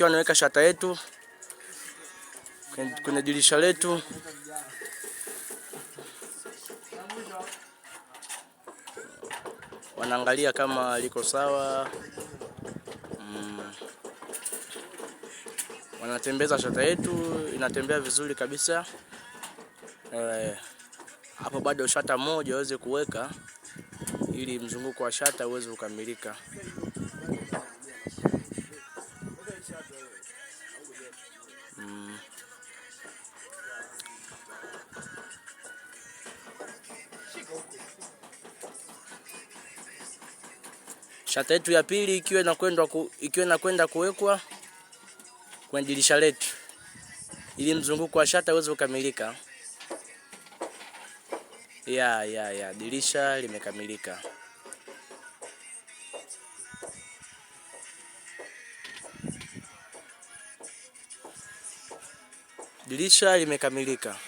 tukiwa naweka shata yetu kwenye dirisha letu. Wanaangalia kama liko sawa. Mm. Wanatembeza shata yetu, inatembea vizuri kabisa. Eh, hapo bado shata moja waweze kuweka ili mzunguko wa shata uweze kukamilika. Shata yetu ya pili ikiwa inakwenda ku, ikiwa inakwenda kuwekwa kwenye dirisha letu ili mzunguko wa shata uweze kukamilika. Ya, ya, ya, dirisha limekamilika. Dirisha limekamilika.